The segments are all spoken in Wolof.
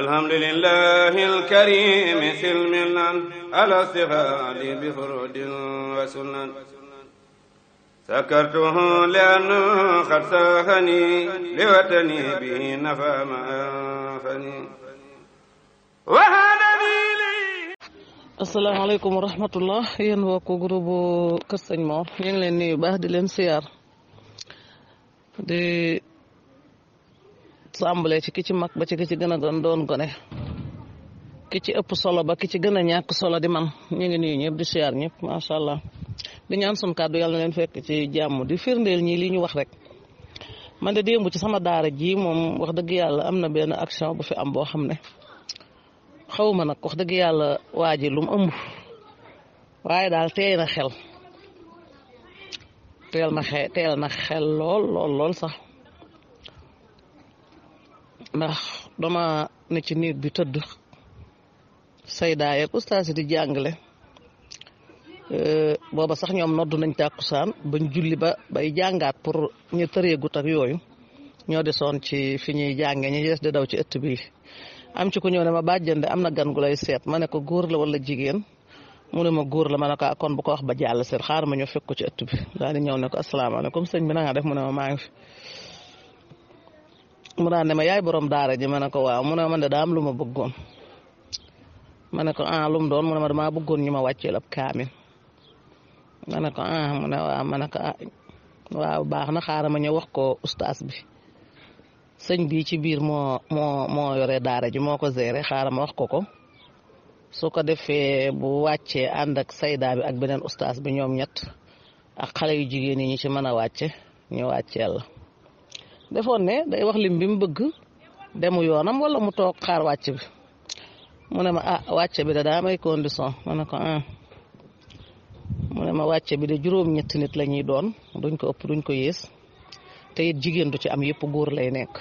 alhamdulillahi alkarimi silmilan alastifaad bifurud wa sunan sakartuhu lianna qad saafani liwatani bihi nafa ma anfani asalaamaaleykum wa rahmatullah yéen waa ko groupe Kër Sëñ Mor ñu ngi leen nuyu baax di leen siyaar di sàmbalee ci ki ci mag ba ci ki ci gën a doon doon gone ki ci ëpp solo ba ki ci gën a ñàkk solo di man ñu ngi nuyu ñëpp di ñëpp macha allah di ñaan sunu kàddu yàlla na leen fekk ci jàmm di firndeel ñii li ñu wax rek. man de démb ci sama daara jii moom wax dëgg yàlla am na benn action bu fi am boo xam ne xaw ma nag wax dëgg yàlla waaji ji lu mu ëmb waaye daal teey xel teel na xel teel na xel lool lool lool sax. ndax dooma ne ci néeg bi tëdd saydaa yeeg ustaasi di jàngale euh, booba sax ñoom nodd nañ tàkkusaan bañ julli ba bay jàngaat pour ñu tëreegut tak yooyu ñoo de soon ci fi ñuy jànge ñi des di daw ci ëtt bi am ci ko ñëw ne ma bàjjande am na gan gu lay seet ma ne ko góor la wala jigéen mu ne ma góor la ma ne ko ah, kon bu ko wax ba jàll seen xaar ma ñëw fekk ko ci ëtt bi ñëw ne ko asalaamaaleykum sëñ bi na nga def mu ne ma maa ngi fi mu daan ne ma yaay borom daara ji ma ne ko waaw mu ne man de daa am lu ma bëggoon ma ne ko ah lu doon mu ma damaa bëggoon ñu ma wàcceel ab kaamil ma ko ah mu waaw ma ko ah waaw baax na xaaral ma ñëw wax ko ustaas bi sëñ bi ci biir moo moo yore daara ji moo ko gérer xaaral ma wax ko ko soo ko defee bu wàccee ànd ak saydaa bi ak beneen ustaas bi ñoom ñett ak xale yu jigéen yi ñu ci mën a wàcce ñu wàcceel defoon ne day wax lim bi mu bëgg demu yoonam wala mu toog xaar wàcc bi mu ne ma ah wàcc bi da daa may condition ma ne ko ah mu ne ma wàcce bi de juróom-ñetti nit la ñuy doon duñ ko ëpp duñ ko yées te jigéen du ci am yëpp góor lay nekk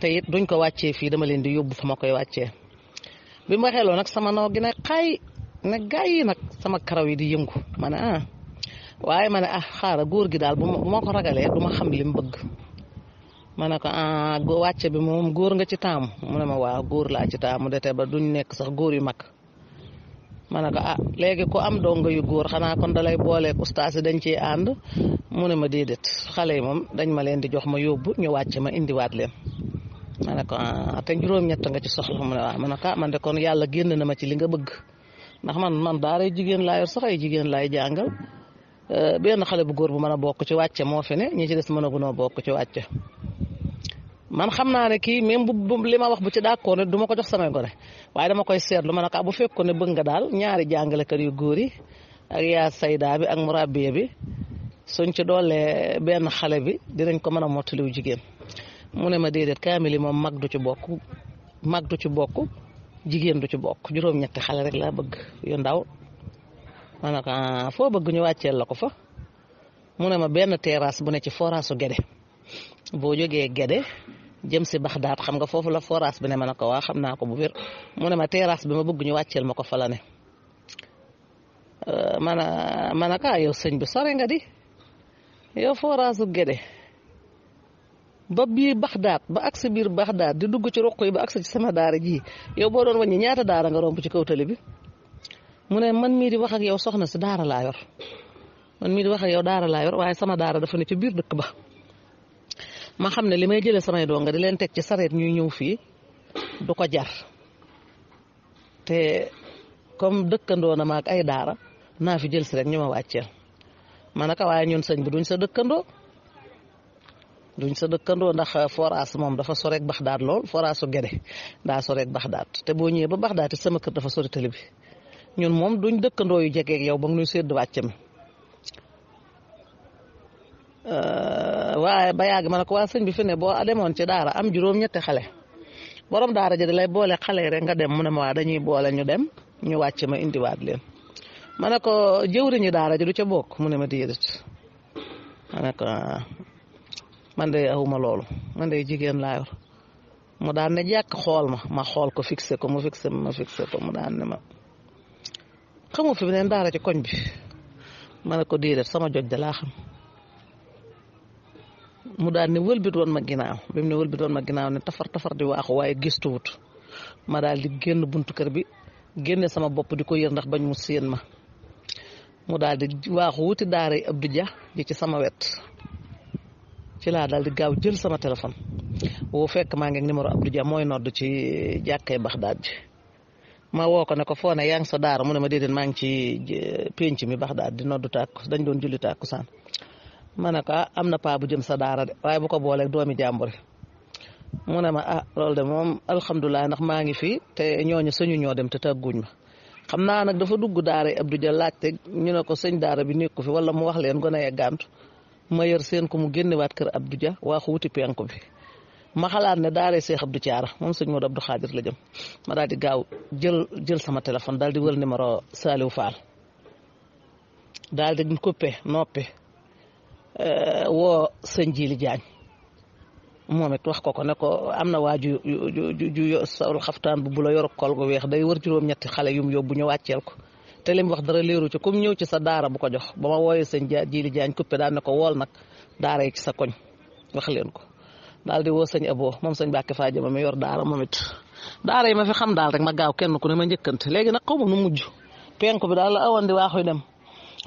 te it duñ ko wàcce fii dama leen di yóbbu fa ma koy wàccee bi ma waxee nag sama noo gi ne xaay ne gaa yi nag sama karaw yi di yëngu ma ne ah waaye ma ne ah xaaral góor gi daal bu ma ko ragalee du ma xam li mu bëgg ma ne ko ah wàcce bi moom góor nga ci taamu mu ne ma waa góor laa ci taamu de ba duñ nekk sax góor yu mag. ma ne ko ah léegi ku am dongo yu góor xanaa kon dalay booleeg ustaas dañ ciy ànd mu ne ma déedéet xale yi moom dañ ma leen di jox ma yóbbu ñu wàcce ma indiwaat leen ma ne ko ah te juróom-ñett nga ci soxla mu ne waaw ma ne ko ah man de kon yàlla génn na ma ci li nga bëgg ndax man man daaray jigéen laa yor sax ay jigéen laay jàngal. Euh, benn xale bu góor bu mën a bokk ci wàcce moo fi ne ñi ci des mënagunoo bokk ci wàcce man xam naa ne kii même bu li ma wax bu ci d'accord ne du ma ko jox samay gone waaye dama koy seetlu ma ne ko ah, bu fekkoon ne bëgg nga daal ñaari jàngalekat yu góor yi ak yaa sayda bi ak murabbiya bi suñ ci doole benn xale bi dinañ ko mën a mottaliw jigéen mu ne ma déedéet kaamil moom mag du ci bokk mag du ci bokk jigéen du ci bokk juróom-ñetti xale rek laa bëgg yu ndaw ma ne ah, foo bëgg ñu wàcceel la ko fa mu ne ma benn terrasse bu ne ci forage su boo jógee Gede jëm si Baxdaat xam nga foofu la forage bi ne ma ne ko waa xam naa ko bu wér mu ne ma terrasse bi ma bëgg ñu wàcceel ma ko fa la ne euh, ma ne ma ne ko ah, yow sëñ bi sore nga di yow forage su Gede ba biir Baxdaat ba àgg biir Baxdaat di dugg ci roq yi ba àgg si sama daara ji yow boo doon wàññi ñaata daara nga romb ci kaw tali bi. mu ne man mii di wax ak yow soxna si daara laa yor man mii di wax ak yow daara laa yor waaye sama daara dafa ne ci biir dëkk ba ma xam ne li may jëlee samay donga di leen teg ci sareet ñuy ñëw fii du ko jar te comme dëkkandoo na maak ay daara naa fi jël si rek ñu ma wàcceel ma ne ko waaye ñun sëñ bi duñ sa dëkkandoo duñ sa dëkkandoo ndax forage moom dafa soreek Baxdaad lool forage su Gede daa soreek Baxdaad te boo ñëwee ba Baxdaad it sama kër dafa sori tali bi ñun moom duñ dëkkandoo yu jegeeg yow ba nga nuy sédd wàcc mi euh, waaye ba yàgg ma ne ko waa sëñ bi fi ne boo demoon ci daara am juróom-ñetti xale borom daara ji da lay boole xale rek nga dem mu ne ma waa dañuy boole ñu dem ñu wàcc ma indiwaat leen ma ne ko jëwriñu daara ji du ca bokk mu ne ma déedéet ma ne ko ah, man de awuma loolu man jigéen laa mu daan ne jàkk xool ma ma xool ko fixé ko mu fixé ma ma ko mu daan ma. xamoo fi beneen daara ci koñ bi ma ne ko déedéet sama joj da xam mu daal ne wëlbit woon ma ginnaaw bi mu ne wëlbit woon ma ginnaaw ne tafar tafar di waaxu waaye gistuwut ma daal di génn buntu kër bi génne sama bopp di ko yër ndax bañ mu séen ma mu daal di waaxu wuti daara yi Abdou Dia ji ci sama wet ci laa daal di gaaw jël sama téléphone woo fekk maa ngi numéro Abdou Dia mooy nodd ci jàkkee daal ji ma woo ko ne ko foo ne yaa sa daara mu ne ma déedéet maa ngi ci penc mi bax daal di noddu tàkku dañ doon julli tàkkusaan ma ne ko ah, am na paa bu jëm sa daara de waaye bu ko booleeg doomi jàmbur mu ne ma ah loolu de moom alhamdulilah ndax maa ngi fi te ñooñu suñu ñoo dem te tàgguñ ma xam naa nag dafa dugg daara Abdou Dia laajte ñu ne ko sëñ daara bi nekku fi wala mu wax leen gone ya gàntu ma yor seen ko mu génnewaat kër Abdou Dia waaxu wuti penku bi ma xalaat ne daaree Seex du Thiara moom sëñ Modou Abdou Khadir la jëm ma daal di gaaw jël jël sama téléphone daal di wër numéro Saliou Fall daal di coupé noppi euh, woo sëñ Jili Diagne moom it wax ko ko ne am na waa ju ju ju sol xaftaan bu la yor kol gu weex day wër juróom-ñetti xale yum yóbbu ñu wàcceel ko te lim wax dara leeru ci comme ñëw ci sa daara bu ko jox ba ma wooyee sëñ Jili Diagne coupé daal ne ko wool nag daara yi ci sa koñ wax leen ko. daal di woo a bo moom sëñ Mbacke Fadja ma mi yor daara moom it daara yi ma fi xam daal rek ma gaaw kenn ku ne ma njëkkante léegi nag xaw ma nu mujj bi daal la awoon di waaxuy dem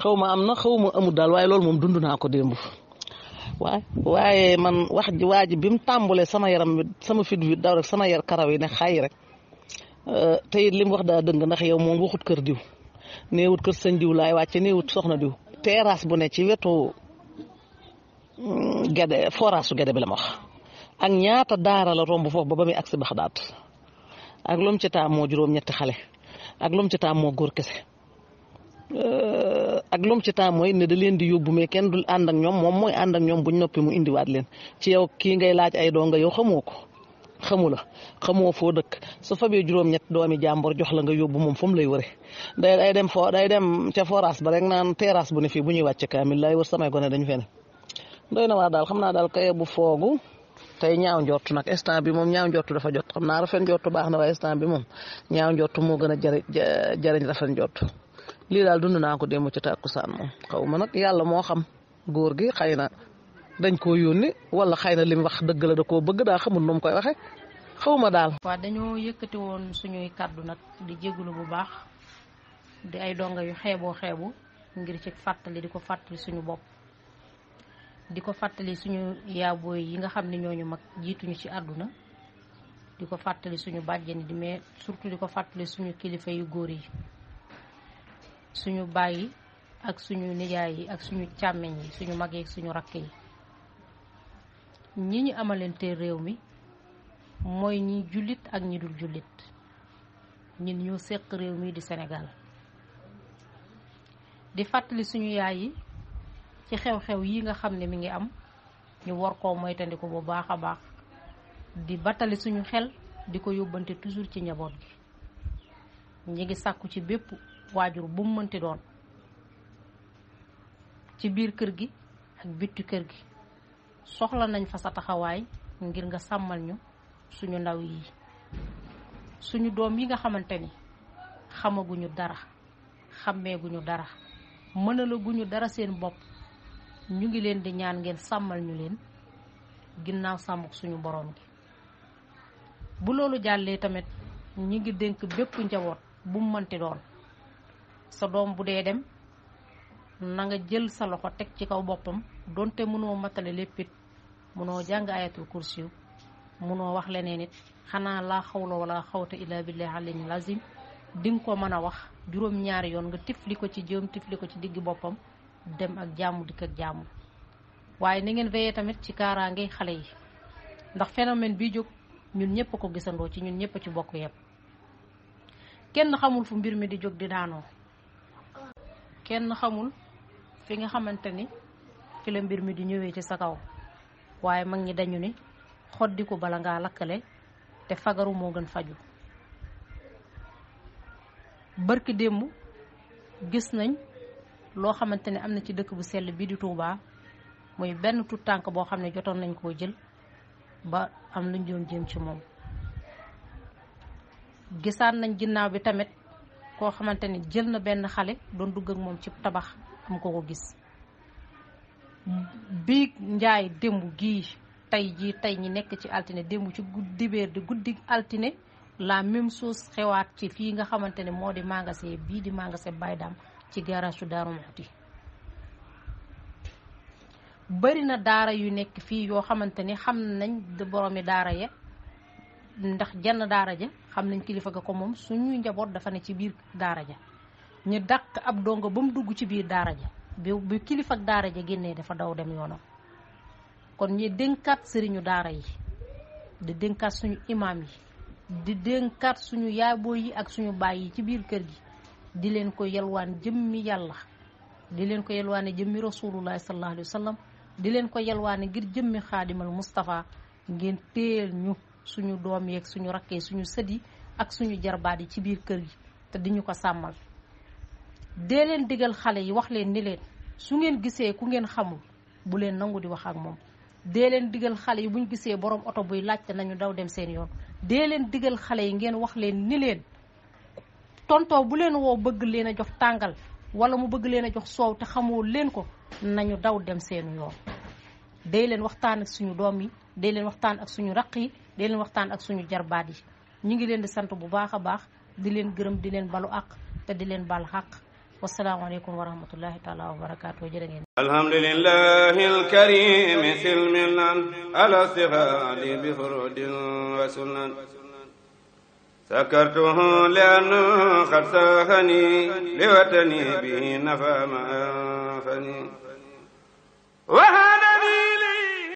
xaw ma am na xaw ma amul daal waaye loolu moom dund naa ko démb. waaye man wax ji waa ji bi mu tàmbalee sama yaram sama fit bi daw rek sama yar karaw yi ne xay rek euh, te it li mu wax daa dëng ndax yow moom waxut kër diw néewut kër sëñ diw laay wàcce néewut soxna diw terrasse bu ne ci wetu mm, gede forage su gede bi la wax. ak ñaata daara la romb foofu ba ba muy agsi Baxdaad ak lum ci moo juróom-ñetti xale ak lum ci moo góor kese euh, ak lum ci taam mooy ne da leen di yóbbu mais kenn dul ànd ak ñoom moom mooy ànd ak ñoom buñ noppi mu indiwaat leen ci yow kii ngay laaj ay doo yow xamoo ko xamu la xamoo foo dëkk su fabee juróom-ñett doomi jàmbor jox la nga yóbbu moom fu lay wëre day day dem fo day dem ca forage ba rek naan terrasse bu ne fii bu ñuy wàcc kaamil laay wër samay gone dañu fene doy na waa daal xam naa daal kay bu foogu tey ñaaw njort nag instant bi moom ñaaw njort dafa jot xam naa rafet njort baax na waaye instant bi moom ñaaw njort moo gën a jëriñ jëriñ rafet njort lii daal dund naa ko démb ci tàkkusaan moom xaw ma nag yàlla moo xam góor gi xëy na dañ ko yónni wala xëy na li mu wax dëgg la da koo bëgg daa xamul nu koy waxee xaw ma daal. waaw dañoo yëkkati woon suñuy kàddu nag di jégalu bu baax di ay donga yu xeeboo xeebu ngir ci fàttali di ko fàttali suñu bopp. di ko fàttali suñu yaabooy yi nga xam ne ñooñu mag jiituñu ci àdduna di ko fàttali suñu bàjjen di mais surtout di ko fàttali suñu kilifa yu góor yi suñu bàyyi ak suñu nijaay yi ak suñu càmmeñ yi suñu mag yi ak suñu ràkk yi ñi ñu amalante réew mi mooy ñi jullit ak ñi dul jullit ñun ñoo séq réew mi di Sénégal di fàttali suñu yaay yi ci xew-xew yi nga xam ne mi ngi am ñu war koo moytandiku bu baax a baax di batali suñu xel di ko yóbbante toujours ci njaboot gi ñu ngi sàkku ci bépp waajur bu mu mënti doon ci biir kër gi ak bitti kër gi soxla nañ fa sa taxawaay ngir nga sàmmal ñu suñu ndaw yi suñu doom yi nga xamante ni xamaguñu dara xàmmeeguñu dara mënalaguñu dara seen bopp ñu ngi leen di ñaan ngeen sàmmal ñu leen ginnaaw sàmm suñu boroom gi bu loolu jàllee tamit ñi ngi dénk bépp njaboot bu mu mënti doon sa doom bu dee dem na nga jël sa loxo teg ci kaw boppam doonte mënoo matale léppit mënoo jàng ayatul kursiw mënoo wax leneen it xanaa laa xaw xawla wala xawta illa billahi alim lazim di nga ko mën a wax juróom-ñaari yoon nga tifli ko ci jëm tifli ko ci digg boppam dem ak jàmm dikk ak jàmm waaye ni ngeen veillé tamit ci kaaraange xale yi ndax phénomène bi jóg ñun ñëpp ko gisandoo ci ñun ñëpp ci bokk yépp kenn xamul fu mbir mi di jóg di daanoo kenn xamul fi nga xamante ni fi mbir mi di ñëwee ci sa kaw waaye mag ñi dañu ni xoddiku bala ngaa lakkale te fagaru moo gën faju bërki démb gis nañ loo xamante ne am na ci dëkk bu sell bii di Touba muy benn tout tànk boo xam ne jotoon nañ koo jël ba am luñ doon jëm ci moom gisaan nañ ginnaaw bi tamit koo xamante ne jël na benn xale doon dugg ak moom ci tabax am ko ko gis biig njaay démb gi tey jii tey ñi nekk ci altine démb ci guddi di guddi altine laa même chose xewaat ci fii nga xamante ne moo di magasin bii di magasin Baydam ci garage su Daaru bari na daara yu nekk fii yoo xamante ni xam nañ de boroomi daara ya ndax jenn daara ja xam nañ kilifa ga ko moom suñuy njaboot dafa ne ci biir daara ja ñu dàq ab dongo ba mu dugg ci biir daara ja bi bu kilifa ak daara ja génne dafa daw dem yoonam kon ñi dénkaat sëriñu daara yi di dénkaat suñu imaam yi di dénkaat suñu yaaboo yi ak suñu baay yi ci biir kër gi di leen ko yalwaan jëmmi yàlla di leen ko yalwaane jëmmi rasulullahi sallallahu alayhi wa sallam di leen ko yalwaane ngir jëmmi xaadimal Moustapha ngeen téel ñu suñu doom yeeg suñu rakkee suñu sët yi ak suñu jarbaat yi ci biir kër gi te di ñu ko sàmmal. dee leen digal xale yi wax leen ni leen su ngeen gisee ku ngeen xamul bu leen nangu di wax ak moom. dee leen digal xale yi bu ñu gisee borom oto buy laajte nañu daw dem seen yoon dee leen digal xale yi ngeen wax leen ni leen. tontoo bu leen woo bëgg leen a jox tàngal wala mu bëgg leen a jox soow te xamoo leen ko nañu daw dem seenu yoon day leen waxtaan ak suñu doom yi day leen waxtaan ak suñu raq yi day leen waxtaan ak suñu jarbaat yi ñu ngi leen di sant bu baax a baax di leen gërëm di leen balu àq te di leen bal xàq wasalaamaaleykum wa rahmatullahi taala wa barakaatu jërë ngeen alhamdulillahi alkarim silmilan ala sirali bi furudin wa sunan sakartuhu lianu xat saxani liwatani bi nafa ma anfani